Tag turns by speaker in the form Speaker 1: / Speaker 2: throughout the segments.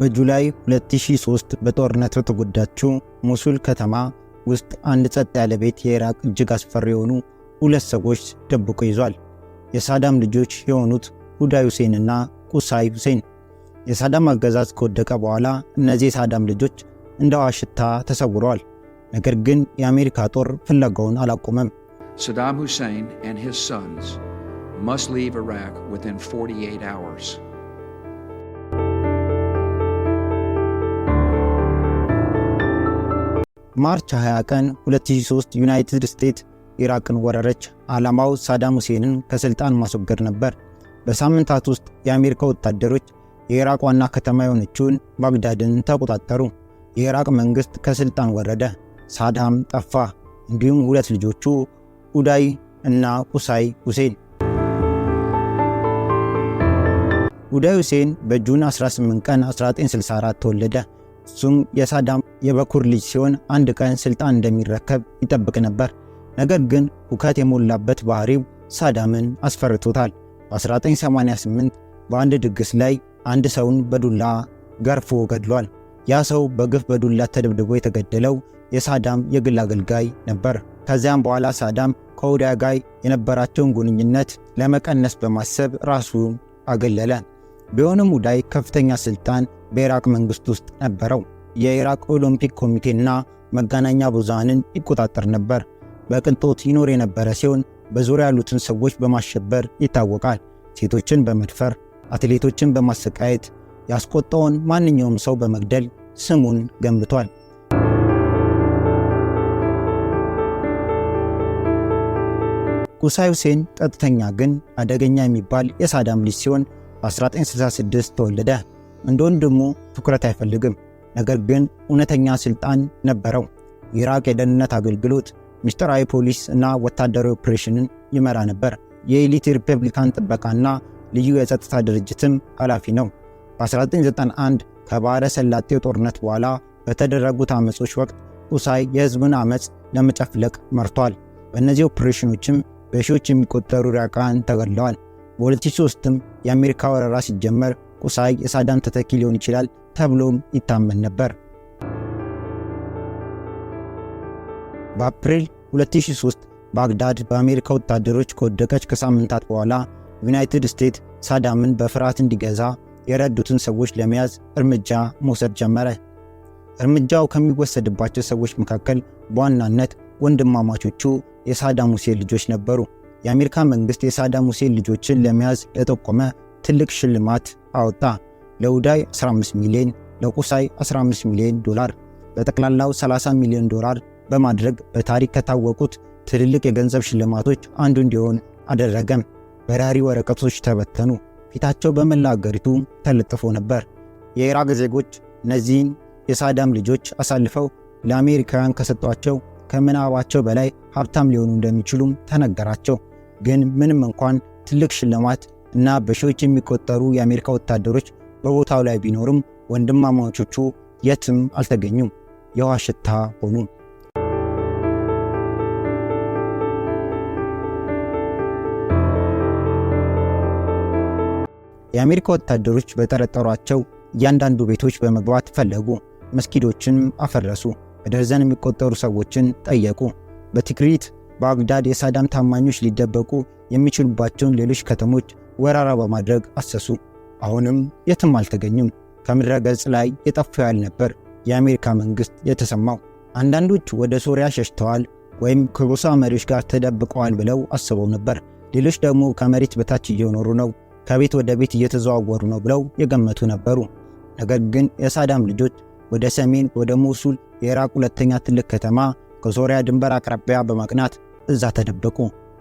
Speaker 1: በጁላይ 2003 በጦርነት በተጎዳችው ሞሱል ከተማ ውስጥ አንድ ጸጥ ያለ ቤት የኢራቅ እጅግ አስፈሪ የሆኑ ሁለት ሰዎች ደብቆ ይዟል። የሳዳም ልጆች የሆኑት ሁዳይ ሁሴንና ቁሳይ ሁሴን። የሳዳም አገዛዝ ከወደቀ በኋላ እነዚህ የሳዳም ልጆች እንደ ዋሽታ ሽታ ተሰውረዋል። ነገር ግን የአሜሪካ ጦር ፍለጋውን አላቆመም። ሳዳም ሁሴን and his sons must leave Iraq within 48 hours. ማርች 20 ቀን 2003 ዩናይትድ ስቴትስ ኢራቅን ወረረች። ዓላማው ሳዳም ሁሴንን ከስልጣን ማስወገድ ነበር። በሳምንታት ውስጥ የአሜሪካ ወታደሮች የኢራቅ ዋና ከተማ የሆነችውን ባግዳድን ተቆጣጠሩ። የኢራቅ መንግሥት ከስልጣን ወረደ። ሳዳም ጠፋ። እንዲሁም ሁለት ልጆቹ ኡዳይ እና ኡሳይ ሁሴን። ኡዳይ ሁሴን በጁን 18 ቀን 1964 ተወለደ። እሱም የሳዳም የበኩር ልጅ ሲሆን አንድ ቀን ስልጣን እንደሚረከብ ይጠብቅ ነበር። ነገር ግን ሁከት የሞላበት ባህሪው ሳዳምን አስፈርቶታል። በ1988 በአንድ ድግስ ላይ አንድ ሰውን በዱላ ገርፎ ገድሏል። ያ ሰው በግፍ በዱላ ተደብድቦ የተገደለው የሳዳም የግል አገልጋይ ነበር። ከዚያም በኋላ ሳዳም ከወዳጁ ጋር የነበራቸውን ግንኙነት ለመቀነስ በማሰብ ራሱን አገለለ። ቢሆንም ውዳይ ከፍተኛ ስልጣን በኢራቅ መንግስት ውስጥ ነበረው። የኢራቅ ኦሎምፒክ ኮሚቴና መገናኛ ብዙሃንን ይቆጣጠር ነበር። በቅንጦት ይኖር የነበረ ሲሆን በዙሪያ ያሉትን ሰዎች በማሸበር ይታወቃል። ሴቶችን በመድፈር አትሌቶችን በማሰቃየት ያስቆጣውን ማንኛውም ሰው በመግደል ስሙን ገንብቷል። ኩሳይ ሁሴን ቀጥተኛ ግን አደገኛ የሚባል የሳዳም ልጅ ሲሆን በ1966 ተወለደ። እንደ ወንድሙ ትኩረት አይፈልግም። ነገር ግን እውነተኛ ስልጣን ነበረው። የኢራቅ የደህንነት አገልግሎት፣ ምስጢራዊ ፖሊስ እና ወታደራዊ ኦፕሬሽንን ይመራ ነበር። የኤሊት ሪፐብሊካን ጥበቃና ልዩ የጸጥታ ድርጅትም ኃላፊ ነው። በ1991 ከባሕረ ሰላጤው ጦርነት በኋላ በተደረጉት ዓመፆች ወቅት ኡሳይ የሕዝብን ዓመፅ ለመጨፍለቅ መርቷል። በእነዚህ ኦፕሬሽኖችም በሺዎች የሚቆጠሩ ኢራቃውያን ተገድለዋል። በ2003ም የአሜሪካ ወረራ ሲጀመር ቁሳይ የሳዳም ተተኪ ሊሆን ይችላል ተብሎም ይታመን ነበር። በአፕሪል 2003 ባግዳድ በአሜሪካ ወታደሮች ከወደቀች ከሳምንታት በኋላ ዩናይትድ ስቴትስ ሳዳምን በፍርሃት እንዲገዛ የረዱትን ሰዎች ለመያዝ እርምጃ መውሰድ ጀመረ። እርምጃው ከሚወሰድባቸው ሰዎች መካከል በዋናነት ወንድማማቾቹ የሳዳም ሁሴን ልጆች ነበሩ። የአሜሪካ መንግሥት የሳዳም ሁሴን ልጆችን ለመያዝ ለጠቆመ ትልቅ ሽልማት አወጣ። ለውዳይ 15 ሚሊዮን፣ ለቁሳይ 15 ሚሊዮን ዶላር በጠቅላላው 30 ሚሊዮን ዶላር በማድረግ በታሪክ ከታወቁት ትልልቅ የገንዘብ ሽልማቶች አንዱ እንዲሆን አደረገም። በራሪ ወረቀቶች ተበተኑ፣ ፊታቸው በመላ አገሪቱ ተለጥፎ ነበር። የኢራቅ ዜጎች እነዚህን የሳዳም ልጆች አሳልፈው ለአሜሪካውያን ከሰጧቸው ከምናባቸው በላይ ሀብታም ሊሆኑ እንደሚችሉም ተነገራቸው። ግን ምንም እንኳን ትልቅ ሽልማት እና በሺዎች የሚቆጠሩ የአሜሪካ ወታደሮች በቦታው ላይ ቢኖርም ወንድማማቾቹ የትም አልተገኙም፣ የውሃ ሽታ ሆኑ። የአሜሪካ ወታደሮች በጠረጠሯቸው እያንዳንዱ ቤቶች በመግባት ፈለጉ። መስጊዶችን አፈረሱ። በደርዘን የሚቆጠሩ ሰዎችን ጠየቁ። በትክሪት በባግዳድ የሳዳም ታማኞች ሊደበቁ የሚችሉባቸውን ሌሎች ከተሞች ወረራ በማድረግ አሰሱ። አሁንም የትም አልተገኙም። ከምድረ ገጽ ላይ የጠፉ ያህል ነበር የአሜሪካ መንግሥት የተሰማው። አንዳንዶች ወደ ሶሪያ ሸሽተዋል ወይም ከጎሳ መሪዎች ጋር ተደብቀዋል ብለው አስበው ነበር። ሌሎች ደግሞ ከመሬት በታች እየኖሩ ነው፣ ከቤት ወደ ቤት እየተዘዋወሩ ነው ብለው የገመቱ ነበሩ። ነገር ግን የሳዳም ልጆች ወደ ሰሜን ወደ ሞሱል የኢራቅ ሁለተኛ ትልቅ ከተማ ከሶሪያ ድንበር አቅራቢያ በማቅናት እዛ ተደበቁ።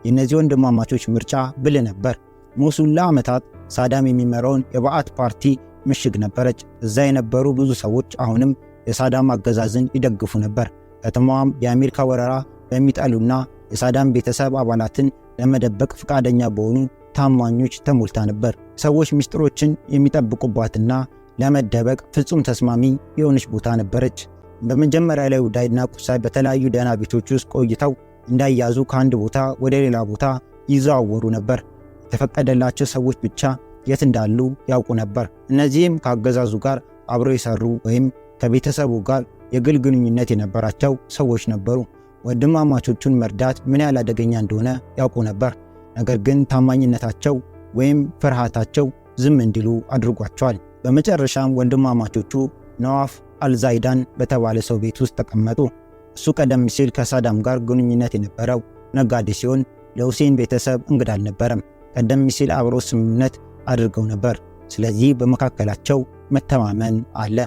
Speaker 1: የእነዚህ ወንድማማቾች ምርጫ ብል ነበር። ሞሱል ለዓመታት ሳዳም የሚመራውን የባዓት ፓርቲ ምሽግ ነበረች። እዛ የነበሩ ብዙ ሰዎች አሁንም የሳዳም አገዛዝን ይደግፉ ነበር። ከተማዋም የአሜሪካ ወረራ በሚጠሉና የሳዳም ቤተሰብ አባላትን ለመደበቅ ፈቃደኛ በሆኑ ታማኞች ተሞልታ ነበር። ሰዎች ምስጢሮችን የሚጠብቁባትና ለመደበቅ ፍጹም ተስማሚ የሆነች ቦታ ነበረች። በመጀመሪያ ላይ ውዳይና ቁሳይ በተለያዩ ደህና ቤቶች ውስጥ ቆይተው እንዳያዙ ከአንድ ቦታ ወደ ሌላ ቦታ ይዘዋወሩ ነበር። የተፈቀደላቸው ሰዎች ብቻ የት እንዳሉ ያውቁ ነበር። እነዚህም ከአገዛዙ ጋር አብረው የሰሩ ወይም ከቤተሰቡ ጋር የግል ግንኙነት የነበራቸው ሰዎች ነበሩ። ወንድማማቾቹን መርዳት ምን ያህል አደገኛ እንደሆነ ያውቁ ነበር። ነገር ግን ታማኝነታቸው ወይም ፍርሃታቸው ዝም እንዲሉ አድርጓቸዋል። በመጨረሻም ወንድማማቾቹ ነዋፍ አልዛይዳን በተባለ ሰው ቤት ውስጥ ተቀመጡ። እሱ ቀደም ሲል ከሳዳም ጋር ግንኙነት የነበረው ነጋዴ ሲሆን ለሁሴን ቤተሰብ እንግዳ አልነበረም። ቀደም ሲል አብሮ ስምምነት አድርገው ነበር። ስለዚህ በመካከላቸው መተማመን አለ።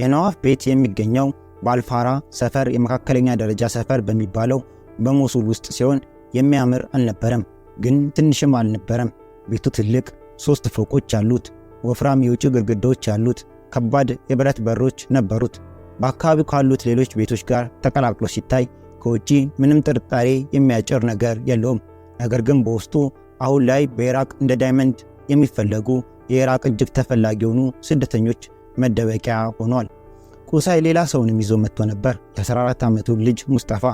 Speaker 1: የነዋፍ ቤት የሚገኘው በአልፋራ ሰፈር የመካከለኛ ደረጃ ሰፈር በሚባለው በሞሱል ውስጥ ሲሆን የሚያምር አልነበረም፣ ግን ትንሽም አልነበረም። ቤቱ ትልቅ ሶስት ፎቆች አሉት። ወፍራም የውጭ ግድግዳዎች ያሉት ከባድ የብረት በሮች ነበሩት። በአካባቢው ካሉት ሌሎች ቤቶች ጋር ተቀላቅሎ ሲታይ ከውጪ ምንም ጥርጣሬ የሚያጭር ነገር የለውም። ነገር ግን በውስጡ አሁን ላይ በኢራቅ እንደ ዳይመንድ የሚፈለጉ የኢራቅ እጅግ ተፈላጊ የሆኑ ስደተኞች መደበቂያ ሆኗል። ቁሳይ ሌላ ሰውንም ይዞ መጥቶ ነበር፣ የ14 ዓመቱ ልጅ ሙስጠፋ።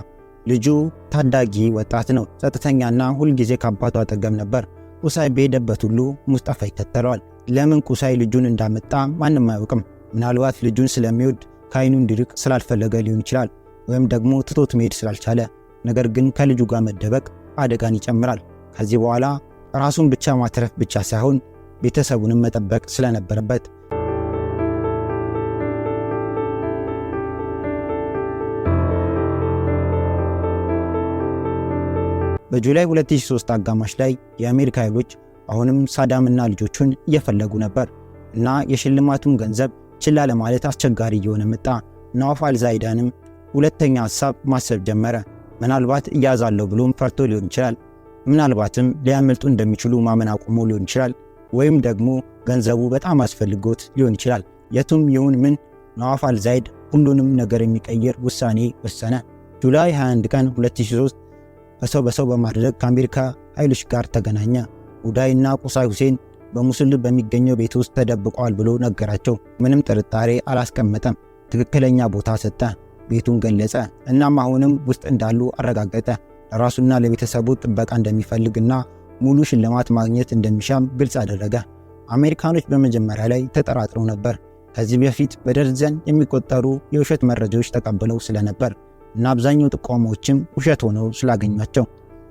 Speaker 1: ልጁ ታዳጊ ወጣት ነው፣ ጸጥተኛና ሁልጊዜ ከአባቱ አጠገብ ነበር። ቁሳይ በሄደበት ሁሉ ሙስጠፋ ይከተለዋል። ለምን ቁሳይ ልጁን እንዳመጣ ማንም አያውቅም። ምናልባት ልጁን ስለሚወድ ከአይኑ እንዲርቅ ስላልፈለገ ሊሆን ይችላል፣ ወይም ደግሞ ትቶት መሄድ ስላልቻለ። ነገር ግን ከልጁ ጋር መደበቅ አደጋን ይጨምራል። ከዚህ በኋላ ራሱን ብቻ ማትረፍ ብቻ ሳይሆን ቤተሰቡንም መጠበቅ ስለነበረበት በጁላይ 2003 አጋማሽ ላይ የአሜሪካ ኃይሎች አሁንም ሳዳምና ልጆቹን እየፈለጉ ነበር እና የሽልማቱን ገንዘብ ችላ ለማለት አስቸጋሪ እየሆነ መጣ። ናዋፍ ዛይዳንም ሁለተኛ ሀሳብ ማሰብ ጀመረ። ምናልባት እያዛለሁ ብሎም ፈርቶ ሊሆን ይችላል ምናልባትም ሊያመልጡ እንደሚችሉ ማመን አቁሞ ሊሆን ይችላል፣ ወይም ደግሞ ገንዘቡ በጣም አስፈልጎት ሊሆን ይችላል። የቱም ይሁን ምን ነዋፋል ዛይድ ሁሉንም ነገር የሚቀይር ውሳኔ ወሰነ። ጁላይ 21 ቀን 2003 በሰው በሰው በማድረግ ከአሜሪካ ኃይሎች ጋር ተገናኘ። ኡዳይና ቁሳይ ሁሴን በሙስል በሚገኘው ቤት ውስጥ ተደብቀዋል ብሎ ነገራቸው። ምንም ጥርጣሬ አላስቀመጠም። ትክክለኛ ቦታ ሰጠ፣ ቤቱን ገለጸ። እናም አሁንም ውስጥ እንዳሉ አረጋገጠ። ለራሱና ለቤተሰቡ ጥበቃ እንደሚፈልግና ሙሉ ሽልማት ማግኘት እንደሚሻም ግልጽ አደረገ። አሜሪካኖች በመጀመሪያ ላይ ተጠራጥረው ነበር። ከዚህ በፊት በደርዘን የሚቆጠሩ የውሸት መረጃዎች ተቀብለው ስለነበር እና አብዛኛው ጥቆማዎችም ውሸት ሆነው ስላገኟቸው፣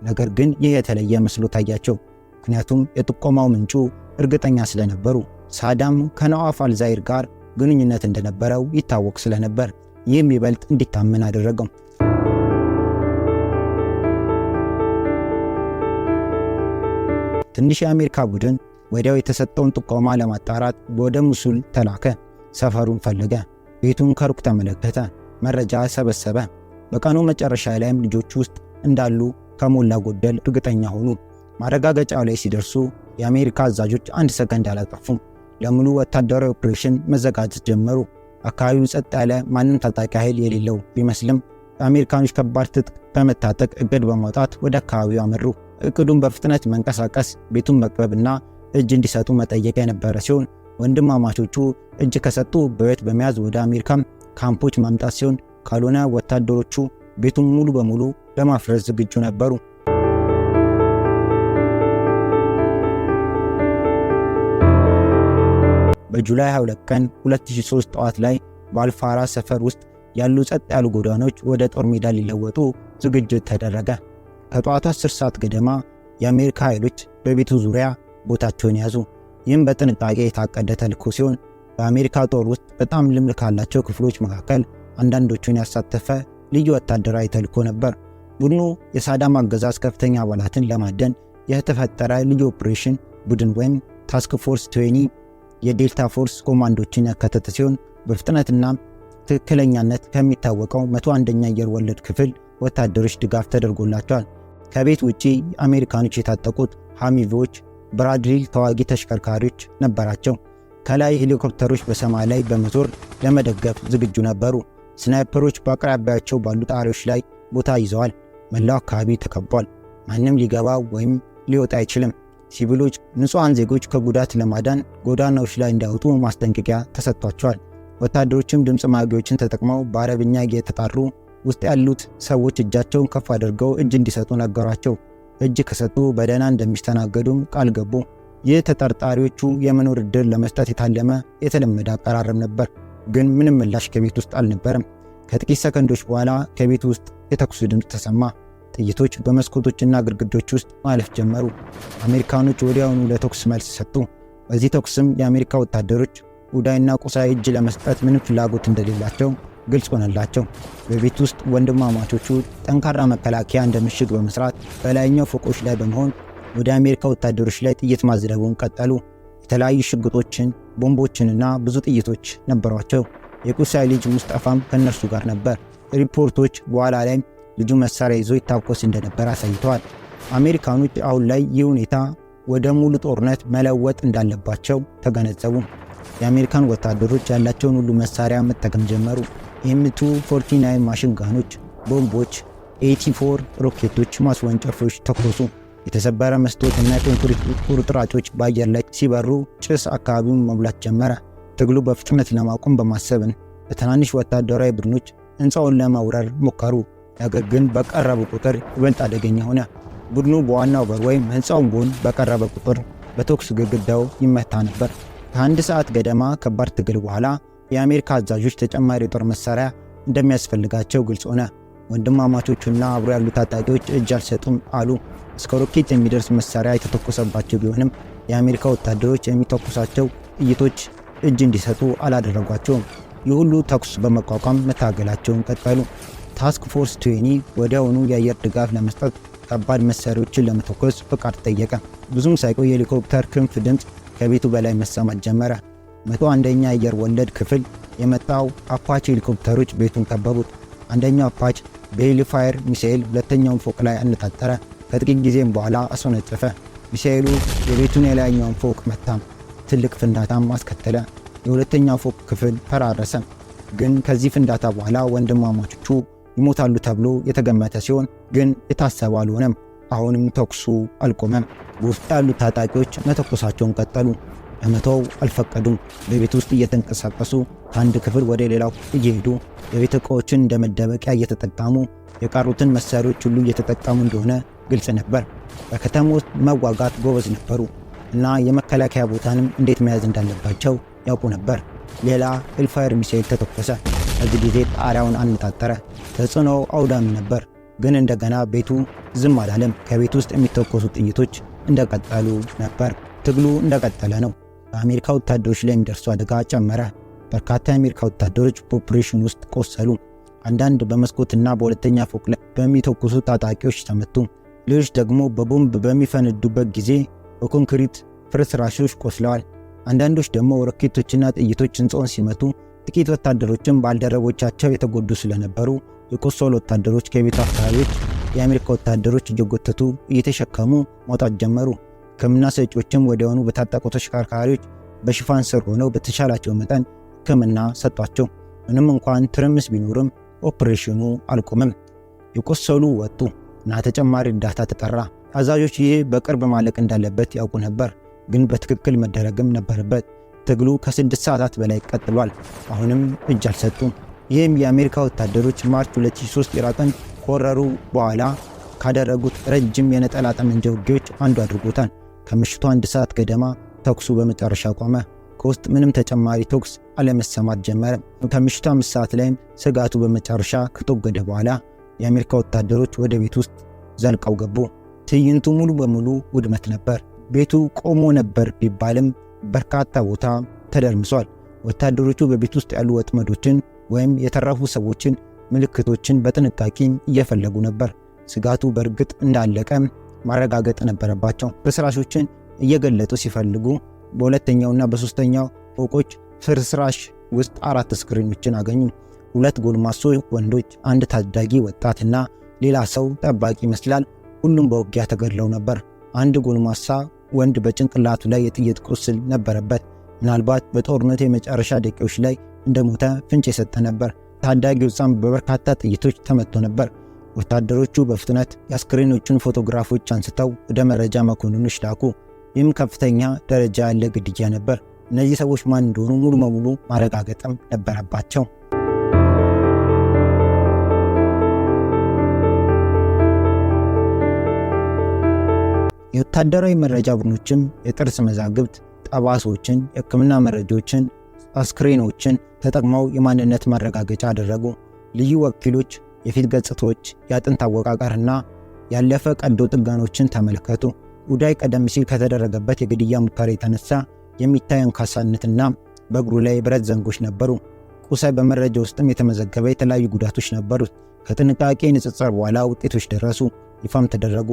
Speaker 1: ነገር ግን ይህ የተለየ መስሎ ታያቸው። ምክንያቱም የጥቆማው ምንጩ እርግጠኛ ስለነበሩ ሳዳም ከነዋፍ አልዛይር ጋር ግንኙነት እንደነበረው ይታወቅ ስለነበር ይህም ይበልጥ እንዲታመን አደረገው። ትንሽ የአሜሪካ ቡድን ወዲያው የተሰጠውን ጥቆማ ለማጣራት ወደ ሙሱል ተላከ። ሰፈሩን ፈለገ፣ ቤቱን ከሩቅ ተመለከተ፣ መረጃ ሰበሰበ። በቀኑ መጨረሻ ላይም ልጆች ውስጥ እንዳሉ ከሞላ ጎደል እርግጠኛ ሆኑ። ማረጋገጫው ላይ ሲደርሱ የአሜሪካ አዛዦች አንድ ሰከንድ አላጠፉም። ለሙሉ ወታደራዊ ኦፕሬሽን መዘጋጀት ጀመሩ። አካባቢው ጸጥ ያለ ማንም ታጣቂ ኃይል የሌለው ቢመስልም የአሜሪካኖች ከባድ ትጥቅ በመታጠቅ እግድ በማውጣት ወደ አካባቢው አመሩ። እቅዱን በፍጥነት መንቀሳቀስ፣ ቤቱን መቅረብና እጅ እንዲሰጡ መጠየቅ የነበረ ሲሆን ወንድማማቾቹ እጅ ከሰጡ በቤት በመያዝ ወደ አሜሪካም ካምፖች ማምጣት ሲሆን ካልሆነ ወታደሮቹ ቤቱን ሙሉ በሙሉ ለማፍረስ ዝግጁ ነበሩ። በጁላይ 22 ቀን 2003 ጠዋት ላይ በአልፋራ ሰፈር ውስጥ ያሉ ጸጥ ያሉ ጎዳናዎች ወደ ጦር ሜዳ ሊለወጡ ዝግጅት ተደረገ። ከጠዋቱ 10 ሰዓት ገደማ የአሜሪካ ኃይሎች በቤቱ ዙሪያ ቦታቸውን ያዙ። ይህም በጥንቃቄ የታቀደ ተልኮ ሲሆን በአሜሪካ ጦር ውስጥ በጣም ልምድ ካላቸው ክፍሎች መካከል አንዳንዶቹን ያሳተፈ ልዩ ወታደራዊ ተልኮ ነበር። ቡድኑ የሳዳም አገዛዝ ከፍተኛ አባላትን ለማደን የተፈጠረ ልዩ ኦፕሬሽን ቡድን ወይም ታስክ ፎርስ ትዌኒ የዴልታ ፎርስ ኮማንዶችን ያካተተ ሲሆን በፍጥነትና ትክክለኛነት ከሚታወቀው መቶ አንደኛ አየር ወለድ ክፍል ወታደሮች ድጋፍ ተደርጎላቸዋል። ከቤት ውጪ አሜሪካኖች የታጠቁት ሃሚቪዎች ብራድሊ ተዋጊ ተሽከርካሪዎች ነበራቸው። ከላይ ሄሊኮፕተሮች በሰማይ ላይ በመዞር ለመደገፍ ዝግጁ ነበሩ። ስናይፐሮች በአቅራቢያቸው ባሉ ጣሪያዎች ላይ ቦታ ይዘዋል። መላው አካባቢ ተከቧል። ማንም ሊገባ ወይም ሊወጣ አይችልም። ሲቪሎች፣ ንጹሐን ዜጎች ከጉዳት ለማዳን ጎዳናዎች ላይ እንዳይወጡ ማስጠንቀቂያ ተሰጥቷቸዋል። ወታደሮችም ድምፅ ማጉያዎችን ተጠቅመው በአረብኛ እየተጣሩ ውስጥ ያሉት ሰዎች እጃቸውን ከፍ አድርገው እጅ እንዲሰጡ ነገሯቸው። እጅ ከሰጡ በደህና እንደሚስተናገዱም ቃል ገቡ። ይህ ተጠርጣሪዎቹ የመኖር ዕድል ለመስጠት የታለመ የተለመደ አቀራረብ ነበር። ግን ምንም ምላሽ ከቤት ውስጥ አልነበረም። ከጥቂት ሰከንዶች በኋላ ከቤት ውስጥ የተኩሱ ድምፅ ተሰማ። ጥይቶች በመስኮቶችና ግድግዳዎች ውስጥ ማለፍ ጀመሩ። አሜሪካኖች ወዲያውኑ ለተኩስ መልስ ሰጡ። በዚህ ተኩስም የአሜሪካ ወታደሮች ውዳይና ቁሳይ እጅ ለመስጠት ምንም ፍላጎት እንደሌላቸው ግልጽ ሆነላቸው። በቤት ውስጥ ወንድማማቾቹ ጠንካራ መከላከያ እንደ ምሽግ በመስራት በላይኛው ፎቆች ላይ በመሆን ወደ አሜሪካ ወታደሮች ላይ ጥይት ማዝረቡን ቀጠሉ። የተለያዩ ሽጉጦችን፣ ቦምቦችንና ብዙ ጥይቶች ነበሯቸው። የቁሳይ ልጅ ሙስጠፋም ከእነርሱ ጋር ነበር። ሪፖርቶች በኋላ ላይ ልጁ መሳሪያ ይዞ ይታኮስ እንደነበር አሳይተዋል። አሜሪካኖች አሁን ላይ ይህ ሁኔታ ወደ ሙሉ ጦርነት መለወጥ እንዳለባቸው ተገነዘቡ። የአሜሪካን ወታደሮች ያላቸውን ሁሉ መሳሪያ መጠቀም ጀመሩ። ኤም249 ማሽን ጋኖች፣ ቦምቦች፣ ኤቲ4 ሮኬቶች ማስወንጨፎች ተኮሱ። የተሰበረ መስታወትና ኮንክሪት ቁርጥራጮች በአየር ላይ ሲበሩ ጭስ አካባቢውን መሙላት ጀመረ። ትግሉ በፍጥነት ለማቆም በማሰብን በትናንሽ ወታደራዊ ቡድኖች ሕንፃውን ለመውረር ሞከሩ። ነገር ግን በቀረቡ ቁጥር ይበልጥ አደገኛ ሆነ። ቡድኑ በዋናው በር ወይም ሕንፃው ጎን በቀረበ ቁጥር በተኩስ ግድግዳው ይመታ ነበር። ከአንድ ሰዓት ገደማ ከባድ ትግል በኋላ የአሜሪካ አዛዦች ተጨማሪ የጦር መሳሪያ እንደሚያስፈልጋቸው ግልጽ ሆነ። ወንድማማቾቹና አብሮ ያሉ ታጣቂዎች እጅ አልሰጡም አሉ። እስከ ሮኬት የሚደርስ መሳሪያ የተተኮሰባቸው ቢሆንም የአሜሪካ ወታደሮች የሚተኩሳቸው ጥይቶች እጅ እንዲሰጡ አላደረጓቸውም። ይህ ሁሉ ተኩስ በመቋቋም መታገላቸውን ቀጠሉ። ታስክ ፎርስ ቱዌኒ ወዲያውኑ የአየር ድጋፍ ለመስጠት ከባድ መሳሪያዎችን ለመተኮስ ፍቃድ ጠየቀ። ብዙም ሳይቆይ የሄሊኮፕተር ክንፍ ድምፅ ከቤቱ በላይ መሰማት ጀመረ። መቶ አንደኛ አየር ወለድ ክፍል የመጣው አፓች ሄሊኮፕተሮች ቤቱን ከበቡት። አንደኛው አፓች በሄሊፋየር ሚሳኤል ሁለተኛውን ፎቅ ላይ አነጣጠረ። ከጥቂት ጊዜም በኋላ አስወነጨፈ። ሚሳኤሉ የቤቱን የላይኛውን ፎቅ መታም፣ ትልቅ ፍንዳታም አስከተለ። የሁለተኛው ፎቅ ክፍል ፈራረሰ። ግን ከዚህ ፍንዳታ በኋላ ወንድማማቾቹ ይሞታሉ ተብሎ የተገመተ ሲሆን ግን የታሰበ አልሆነም። አሁንም ተኩሱ አልቆመም። ውስጥ ያሉት ታጣቂዎች መተኮሳቸውን ቀጠሉ። ለመተው አልፈቀዱም። በቤት ውስጥ እየተንቀሳቀሱ ከአንድ ክፍል ወደ ሌላው እየሄዱ የቤት ዕቃዎችን እንደ መደበቂያ እየተጠቀሙ የቀሩትን መሳሪያዎች ሁሉ እየተጠቀሙ እንደሆነ ግልጽ ነበር። በከተማ ውስጥ መዋጋት ጎበዝ ነበሩ እና የመከላከያ ቦታንም እንዴት መያዝ እንዳለባቸው ያውቁ ነበር። ሌላ ኤልፋየር ሚሳኤል ተተኮሰ። በዚህ ጊዜ ጣሪያውን አነጣጠረ። ተጽዕኖ አውዳሚ ነበር፣ ግን እንደገና ቤቱ ዝም አላለም። ከቤት ውስጥ የሚተኮሱ ጥይቶች እንደቀጠሉ ነበር። ትግሉ እንደቀጠለ ነው። በአሜሪካ ወታደሮች ላይ የሚደርሱ አደጋ ጨመረ። በርካታ የአሜሪካ ወታደሮች በኦፕሬሽን ውስጥ ቆሰሉ። አንዳንድ በመስኮትና በሁለተኛ ፎቅ ላይ በሚተኩሱ ታጣቂዎች ተመቱ። ሌሎች ደግሞ በቦምብ በሚፈነዱበት ጊዜ በኮንክሪት ፍርስራሾች ቆስለዋል። አንዳንዶች ደግሞ ሮኬቶችና ጥይቶች ሕንፃውን ሲመቱ፣ ጥቂት ወታደሮችም ባልደረቦቻቸው የተጎዱ ስለነበሩ የቆሰሉ ወታደሮች ከቤቱ አካባቢዎች የአሜሪካ ወታደሮች እየጎተቱ እየተሸከሙ መውጣት ጀመሩ። ሕክምና ሰጪዎችም ወዲያውኑ በታጠቁ ተሽከርካሪዎች በሽፋን ስር ሆነው በተቻላቸው መጠን ሕክምና ሰጧቸው። ምንም እንኳን ትርምስ ቢኖርም ኦፕሬሽኑ አልቆምም። የቆሰሉ ወጡ እና ተጨማሪ እርዳታ ተጠራ። አዛዦች ይህ በቅርብ ማለቅ እንዳለበት ያውቁ ነበር፣ ግን በትክክል መደረግም ነበረበት። ትግሉ ከስድስት ሰዓታት በላይ ቀጥሏል። አሁንም እጅ አልሰጡም። ይህም የአሜሪካ ወታደሮች ማርች 2003 ኢራቅን ከወረሩ በኋላ ካደረጉት ረጅም የነጠላ ጠመንጃ ውጊያዎች አንዱ አድርጎታል። ከምሽቱ አንድ ሰዓት ገደማ ተኩሱ በመጨረሻ ቆመ። ከውስጥ ምንም ተጨማሪ ተኩስ አለመሰማት ጀመረ። ከምሽቱ አምስት ሰዓት ላይም ስጋቱ በመጨረሻ ከተወገደ በኋላ የአሜሪካ ወታደሮች ወደ ቤት ውስጥ ዘልቀው ገቡ። ትዕይንቱ ሙሉ በሙሉ ውድመት ነበር። ቤቱ ቆሞ ነበር ቢባልም በርካታ ቦታ ተደርምሷል። ወታደሮቹ በቤት ውስጥ ያሉ ወጥመዶችን ወይም የተረፉ ሰዎችን ምልክቶችን በጥንቃቄ እየፈለጉ ነበር። ስጋቱ በእርግጥ እንዳለቀ ማረጋገጥ ነበረባቸው። ፍርስራሾችን እየገለጡ ሲፈልጉ በሁለተኛውና በሶስተኛው ፎቆች ፍርስራሽ ውስጥ አራት ስክሪኖችን አገኙ። ሁለት ጎልማሶ ወንዶች፣ አንድ ታዳጊ ወጣትና ሌላ ሰው ጠባቂ ይመስላል። ሁሉም በውጊያ ተገድለው ነበር። አንድ ጎልማሳ ወንድ በጭንቅላቱ ላይ የጥይት ቁስል ነበረበት። ምናልባት በጦርነቱ የመጨረሻ ደቂቃዎች ላይ እንደሞተ ፍንጭ የሰጠ ነበር። ታዳጊው ሕፃን በበርካታ ጥይቶች ተመቶ ነበር። ወታደሮቹ በፍጥነት የአስክሬኖቹን ፎቶግራፎች አንስተው ወደ መረጃ መኮንኖች ላኩ። ይህም ከፍተኛ ደረጃ ያለ ግድያ ነበር። እነዚህ ሰዎች ማን እንደሆኑ ሙሉ በሙሉ ማረጋገጥም ነበረባቸው። የወታደራዊ መረጃ ቡድኖችም የጥርስ መዛግብት፣ ጠባሶችን፣ የሕክምና መረጃዎችን፣ አስክሬኖችን ተጠቅመው የማንነት ማረጋገጫ አደረጉ። ልዩ ወኪሎች የፊት ገጽታዎች፣ የአጥንት አወቃቀርና ያለፈ ቀዶ ጥገናዎችን ተመልከቱ። ኡዳይ ቀደም ሲል ከተደረገበት የግድያ ሙከራ የተነሳ የሚታይ አንካሳነትና በእግሩ ላይ የብረት ዘንጎች ነበሩ። ቁሳይ በመረጃ ውስጥም የተመዘገበ የተለያዩ ጉዳቶች ነበሩት። ከጥንቃቄ ንጽጽር በኋላ ውጤቶች ደረሱ፣ ይፋም ተደረጉ።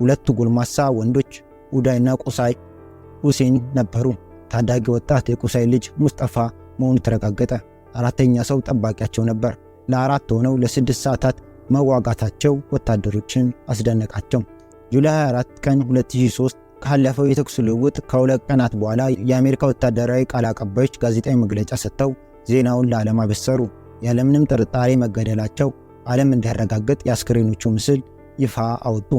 Speaker 1: ሁለቱ ጎልማሳ ወንዶች ኡዳይና ቁሳይ ሁሴን ነበሩ። ታዳጊ ወጣት የቁሳይ ልጅ ሙስጠፋ መሆኑ ተረጋገጠ። አራተኛ ሰው ጠባቂያቸው ነበር። ለአራት ሆነው ለስድስት ሰዓታት መዋጋታቸው ወታደሮችን አስደነቃቸው። ጁላይ 24 ቀን 2003 ካለፈው የተኩስ ልውውጥ ከሁለት ቀናት በኋላ የአሜሪካ ወታደራዊ ቃል አቀባዮች ጋዜጣዊ መግለጫ ሰጥተው ዜናውን ለዓለም አበሰሩ። ያለምንም ጥርጣሬ መገደላቸው ዓለም እንዲያረጋግጥ የአስክሬኖቹ ምስል ይፋ አወጡ።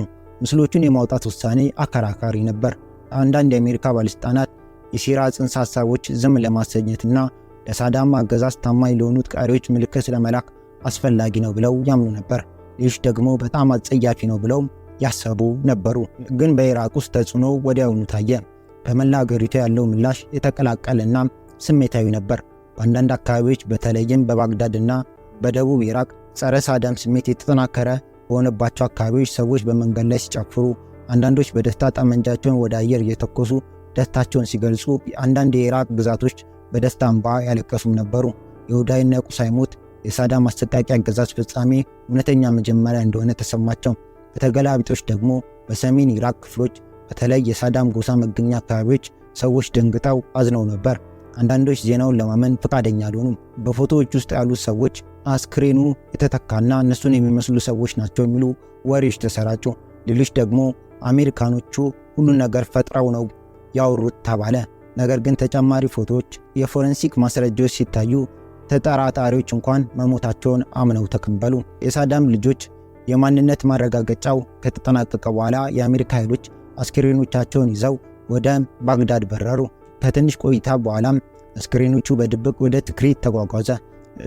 Speaker 1: ምስሎቹን የማውጣት ውሳኔ አከራካሪ ነበር። አንዳንድ የአሜሪካ ባለሥልጣናት የሴራ ጽንሰ ሐሳቦች ዝም ለማሰኘትና ለሳዳም አገዛዝ ታማኝ ለሆኑት ቀሪዎች ምልክት ለመላክ አስፈላጊ ነው ብለው ያምኑ ነበር። ሌሎች ደግሞ በጣም አጸያፊ ነው ብለው ያሰቡ ነበሩ። ግን በኢራቅ ውስጥ ተጽዕኖ ወዲያውኑ ታየ። በመላ አገሪቱ ያለው ምላሽ የተቀላቀለና ስሜታዊ ነበር። በአንዳንድ አካባቢዎች በተለይም በባግዳድና በደቡብ ኢራቅ ጸረ ሳዳም ስሜት የተጠናከረ በሆነባቸው አካባቢዎች ሰዎች በመንገድ ላይ ሲጨፍሩ፣ አንዳንዶች በደስታ ጠመንጃቸውን ወደ አየር እየተኮሱ ደስታቸውን ሲገልጹ፣ አንዳንድ የኢራቅ ግዛቶች በደስታ እንባ ያለቀሱም ነበሩ። የሁዳይና የቁሳይ ሞት የሳዳም አሰቃቂ አገዛዝ ፍጻሜ እውነተኛ መጀመሪያ እንደሆነ ተሰማቸው። በተገላቢጦች ደግሞ በሰሜን ኢራቅ ክፍሎች በተለይ የሳዳም ጎሳ መገኛ አካባቢዎች ሰዎች ደንግጠው አዝነው ነበር። አንዳንዶች ዜናውን ለማመን ፈቃደኛ አልሆኑም። በፎቶዎች ውስጥ ያሉት ሰዎች አስክሬኑ የተተካና እነሱን የሚመስሉ ሰዎች ናቸው የሚሉ ወሬዎች ተሰራጩ። ሌሎች ደግሞ አሜሪካኖቹ ሁሉን ነገር ፈጥረው ነው ያወሩት ተባለ። ነገር ግን ተጨማሪ ፎቶዎች፣ የፎረንሲክ ማስረጃዎች ሲታዩ ተጠራጣሪዎች እንኳን መሞታቸውን አምነው ተቀበሉ። የሳዳም ልጆች የማንነት ማረጋገጫው ከተጠናቀቀ በኋላ የአሜሪካ ኃይሎች አስክሬኖቻቸውን ይዘው ወደ ባግዳድ በረሩ። ከትንሽ ቆይታ በኋላም አስክሬኖቹ በድብቅ ወደ ትክሪት ተጓጓዘ።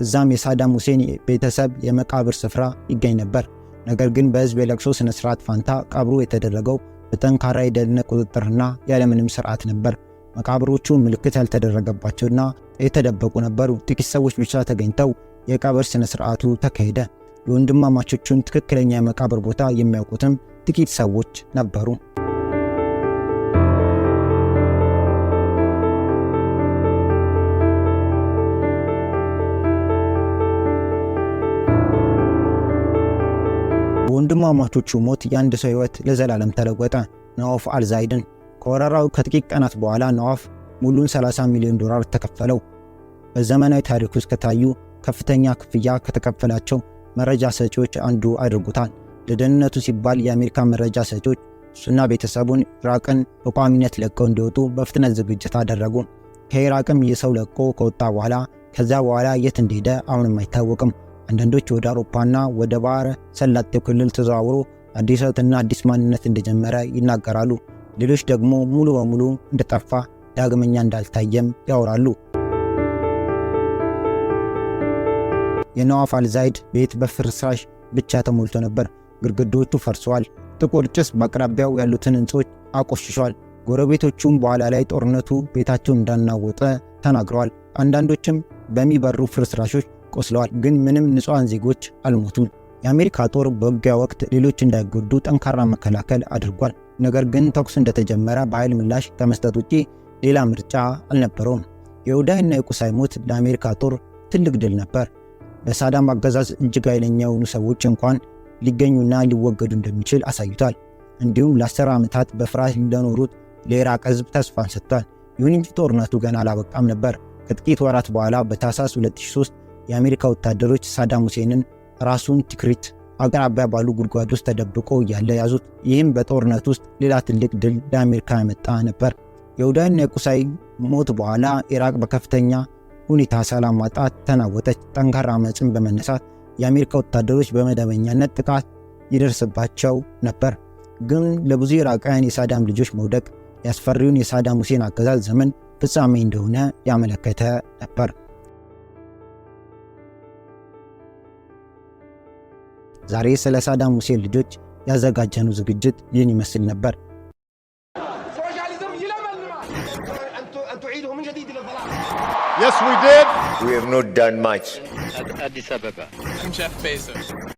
Speaker 1: እዛም የሳዳም ሁሴን ቤተሰብ የመቃብር ስፍራ ይገኝ ነበር። ነገር ግን በህዝብ የለቅሶ ስነስርዓት ፋንታ ቀብሩ የተደረገው በጠንካራ የደህንነት ቁጥጥርና ያለምንም ስርዓት ነበር። መቃብሮቹ ምልክት ያልተደረገባቸውና የተደበቁ ነበሩ። ጥቂት ሰዎች ብቻ ተገኝተው የቀብር ሥነ ሥርዓቱ ተካሄደ። የወንድማማቾቹን ትክክለኛ የመቃብር ቦታ የሚያውቁትም ጥቂት ሰዎች ነበሩ። ወንድማማቾቹ ሞት የአንድ ሰው ሕይወት ለዘላለም ተለወጠ። ነዋፍ አልዛይድን ከወረራው ከጥቂት ቀናት በኋላ ነዋፍ ሙሉን 30 ሚሊዮን ዶላር ተከፈለው። በዘመናዊ ታሪክ ውስጥ ከታዩ ከፍተኛ ክፍያ ከተከፈላቸው መረጃ ሰጪዎች አንዱ አድርጎታል። ለደህንነቱ ሲባል የአሜሪካ መረጃ ሰጪዎች እሱና ቤተሰቡን ኢራቅን በቋሚነት ለቀው እንዲወጡ በፍጥነት ዝግጅት አደረጉ። ከኢራቅም ይህ ሰው ለቆ ከወጣ በኋላ ከዚያ በኋላ የት እንደሄደ አሁንም አይታወቅም። አንዳንዶች ወደ አውሮፓና ወደ ባህረ ሰላጤው ክልል ተዘዋውሮ አዲስ ሕይወትና አዲስ ማንነት እንደጀመረ ይናገራሉ። ሌሎች ደግሞ ሙሉ በሙሉ እንደጠፋ ዳግመኛ እንዳልታየም ያወራሉ። የነዋፍ አልዛይድ ቤት በፍርስራሽ ብቻ ተሞልቶ ነበር። ግድግዳዎቹ ፈርሰዋል። ጥቁር ጭስ በአቅራቢያው ያሉትን ሕንፃዎች አቆሽሿል። ጎረቤቶቹም በኋላ ላይ ጦርነቱ ቤታቸውን እንዳናወጠ ተናግረዋል። አንዳንዶችም በሚበሩ ፍርስራሾች ቆስለዋል፣ ግን ምንም ንጹሐን ዜጎች አልሞቱም። የአሜሪካ ጦር በውጊያ ወቅት ሌሎች እንዳይጎዱ ጠንካራ መከላከል አድርጓል። ነገር ግን ተኩስ እንደተጀመረ በኃይል ምላሽ ከመስጠት ውጪ ሌላ ምርጫ አልነበረውም። የይሁዳይና የቁሳይ ሞት ለአሜሪካ ጦር ትልቅ ድል ነበር። በሳዳም አገዛዝ እጅግ ኃይለኛ የሆኑ ሰዎች እንኳን ሊገኙና ሊወገዱ እንደሚችል አሳይቷል። እንዲሁም ለአስር ዓመታት በፍርሃት ለኖሩት ለኢራቅ ህዝብ ተስፋን ሰጥቷል። ይሁን እንጂ ጦርነቱ ገና አላበቃም ነበር። ከጥቂት ወራት በኋላ በታህሳስ 2003 የአሜሪካ ወታደሮች ሳዳም ሁሴንን ራሱን ቲክሪት አቅራቢያ ባሉ ጉድጓድ ውስጥ ተደብቆ እያለ ያዙት። ይህም በጦርነት ውስጥ ሌላ ትልቅ ድል ለአሜሪካ ያመጣ ነበር። የሁዳይን የቁሳይ ሞት በኋላ ኢራቅ በከፍተኛ ሁኔታ ሰላም ማጣት ተናወጠች። ጠንካራ አመፅን በመነሳት የአሜሪካ ወታደሮች በመደበኛነት ጥቃት ይደርስባቸው ነበር። ግን ለብዙ ኢራቃውያን የሳዳም ልጆች መውደቅ ያስፈሪውን የሳዳም ሁሴን አገዛዝ ዘመን ፍጻሜ እንደሆነ ያመለከተ ነበር። ዛሬ ስለ ሳዳም ሁሴን ልጆች ያዘጋጀኑ ዝግጅት ይህን ይመስል ነበር። Yes, we did. We have not done much. Addis Ababa. Bezos.